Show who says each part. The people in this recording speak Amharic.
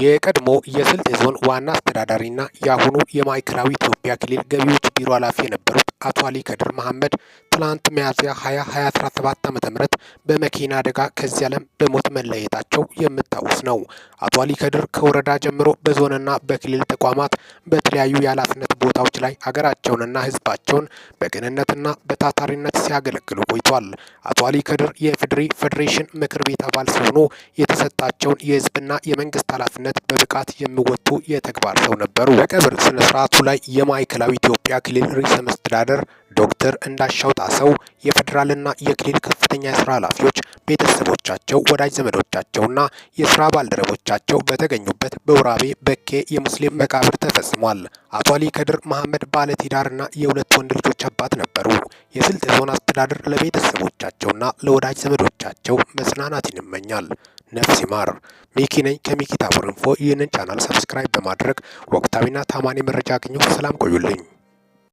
Speaker 1: የቀድሞ የስልጤ ዞን ዋና አስተዳዳሪና የአሁኑ የማዕከላዊ ኢትዮጵያ ክልል ገቢዎች ቢሮ ኃላፊ የነበሩት አቶ አሊ ከድር መሐመድ ትላንት ሚያዝያ 20 2017 ዓ.ም በመኪና አደጋ ከዚህ ዓለም በሞት መለየታቸው የምታውስ ነው። አቶ አሊ ከድር ከወረዳ ጀምሮ በዞንና በክልል ተቋማት በተለያዩ የኃላፊነት ቦታዎች ላይ ሀገራቸውንና ሕዝባቸውን በቅንነትና በታታሪነት ሲያገለግሉ ቆይቷል። አቶ አሊ ከድር የኢፌዴሪ ፌዴሬሽን ምክር ቤት አባል ሲሆኑ የተሰጣቸውን የህዝብና የመንግስት ኃላፊነት በብቃት የሚወጡ የተግባር ሰው ነበሩ። በቀብር ስነ ስርዓቱ ላይ የማዕከላዊ ኢትዮጵያ ክልል ርዕሰ መስተዳድር አስተዳደር ዶክተር እንዳሻው ጣሰው የፌዴራልና የክልል ከፍተኛ የስራ ኃላፊዎች ቤተሰቦቻቸው፣ ወዳጅ ዘመዶቻቸውና የስራ ባልደረቦቻቸው በተገኙበት በውራቤ በኬ የሙስሊም መቃብር ተፈጽሟል። አቶ አሊ ከድር መሐመድ ባለ የሁለት ወንድ ልጆች አባት ነበሩ። የስልጤ ዞን አስተዳደር ለቤተሰቦቻቸውና ለወዳጅ ዘመዶቻቸው መጽናናት ይንመኛል። ነፍስ ይማር። ሚኪ ነኝ ከሚኪ ታቦር ኢንፎ። ይህንን ቻናል ሰብስክራይብ በማድረግ ወቅታዊና ታማኒ መረጃ አግኙ። ሰላም ቆዩልኝ።